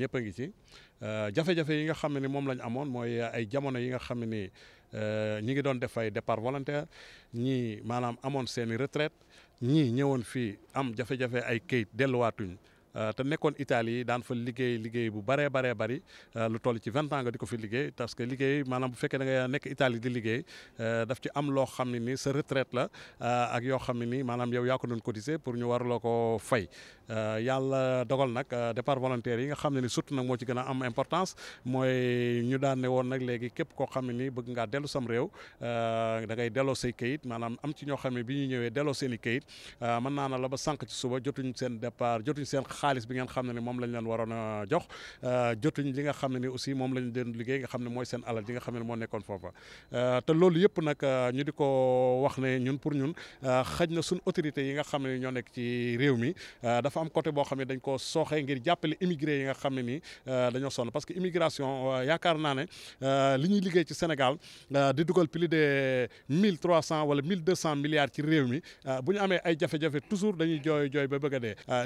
ñëpp a ngi ci euh, jafe-jafe yi nga xam ne ni moom lañ amoon mooy ay jamono yi nga xam ne ni euh, ñi ngi doon def départ volontaire ñii maanaam amoon seeni retraite ñii ñëwoon fii am jafe-jafe ay kayit delluwaatuñ Euh, te nekkoon Italie daan fa liggéey liggéey bu baree baree bari euh, lu toll ci vingt ans nga di ko fi liggéey parce que liggéey maanaam bu fekkee da nga nekk Italie di liggéey euh, daf ci am loo xam ne ni sa retraite la ak yoo xam ne ni maanaam yow yaa ko doon cotiser pour ñu warloo ko fay yàlla dogal nag départ volontaire yi nga xam ne ni surtout nag moo ci gën a am importance mooy ñu daan ne woon nag léegi képp koo xam ne ni bëgg ngaa dellu sam réew da ngay delloo say kayit maanaam am ci ñoo xam ne bi ñu ñëwee delloo seen i kayit mën naa na la ba sànq ci suba jotuñ seen départ jotuñ seen xaalis bi ngeen xam ne ni moom lañ leen waroon a jox euh, jotuñ li liggéey nga xam ne mooy seen alal ji nga xam ne moo nekkoon foofa euh, te loolu yëpp nag euh, ñu di ko wax ne ñun pour ñun xaj na suñ autorité yi nga xam ne ñoo nekk ci réew mi dafa am côté boo xam ne dañ ko sooxe ngir jàppale immigré yi nga xam ne ni dañoo sonn parce que immigration yaakaar naa ne li ñuy liggéey ci Sénégal di dugal plus de mille trois cent wala mille deux cent milliards ci réew mi bu ñu amee a dee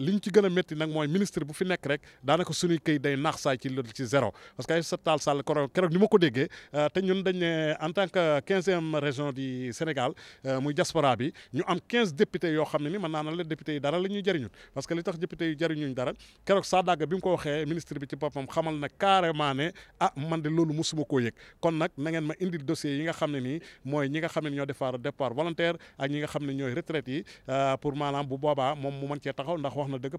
liñ ci gën nag mooy ministre bu fi nekk rek daanaka suñuy këy day naax saay ci loolu ci zéro parce que Aïssata Tall Sall koro keroog ni ma ko déggee euh, te ñun dañ ne en tant que quinzième région du Sénégal euh, muy diaspora bi ñu am quinze yoo xam ne ni ah, man de loolu mosuma koo yëg kon nag na ma indil dossier yi nga xam ne nii mooy ñi nga xam ne ñoo defar départ volontaire ak ñi nga xam ne ñooy retraite yi euh, pour maanaam bu boobaa moom mu mën cee taxaw ndax wax na dëgg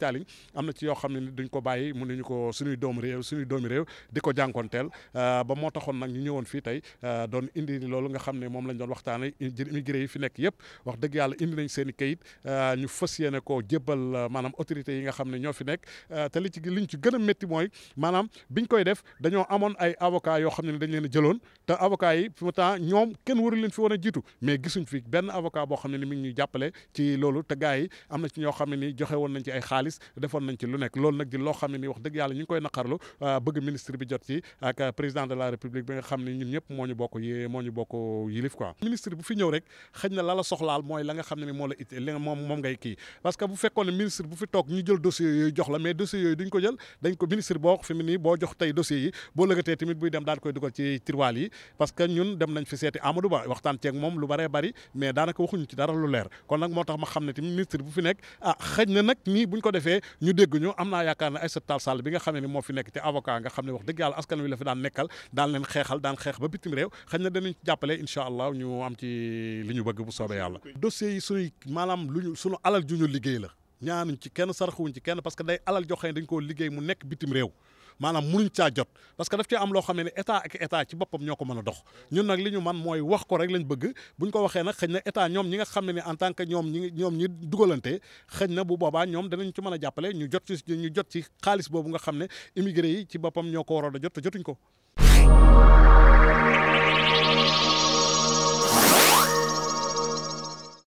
Italie am na ci yoo xam ne duñ ko bàyyi mënuñu ko suñuy doom réew suñuy doomi réew di ko jànkoonteel euh, ba moo taxoon nag ñu ñëwoon fii tey euh, doon indi loolu nga xam ne moom lañ doon waxtaanee immigré yi fi nekk yëpp wax dëgg yàlla indi nañ seen i kayit euh, ñu fas yéene koo jébbal maanaam autorité yi nga xam ne ñoo fi nekk te li ci liñ ci gën a mooy maanaam biñ koy def dañoo amoon ay avocat yoo xam ne dañ leen a jëloon te avocat yi pourtant ñoom kenn waru leen fi a jiitu mais gisuñ fi benn avocat boo xam ne ni mi xaalis defoon nañ ci lu nekk loolu nag di loo xam ne nii wax dëgg yàlla ñu ngi koy naqarlu ah, bëgg ministre bi jot ci ak président de la république bi nga xam ne ñun ñëpp moo ñu bokk yilif quoi ministre bu fi toog ñu jël dossier yooyu jox la mais dossier yooyu duñ ko jël dañ ko ministre boo fi mu nii boo jox tey dossier yi boo lëgatee tamit buy dem daal koy dugal ci tiroir yi parce que ñun dem nañ fi seeti Amadou Ba waxtaan ceeg moom lu bare bari mais defee ñu dégg ñu am naa yaakaar ne Aïssata Tall Sall bi nga xam ne ni moo fi nekk te avocat nga xam ne wax dëgg yàlla askan wi la fi daan nekkal daan leen xeexal daan xeex ba bitim réew xañ na danañ jàppale incha allah ñu am ci li ñu bëgg bu soobee yàlla dossiers yi suñuy maanaam luñu suñu alal ju ñu liggéey la ñaanuñ ci kenn saraxuwuñ ci kenn parce que day alal joxe dañ koo liggéey mu nekk bitim réew maanaam munuñ caa jot parce que daf cee am loo xam ne état ak état ci boppam ñoo ko mën a dox ñun nag li ñu man mooy wax ko rek lañ bëgg buñ ko waxee nag xëy na état ñoom ñi nga xam ne ne en tant que ñoom ñi ñoom ñi dugalante xëy na bu boobaa ñoom danañ ci mën a jàppale ñu jot ci ñu jot ci xaalis boobu nga xam ne immigré yi ci boppam ñoo ko waroon a jot te jotuñ ko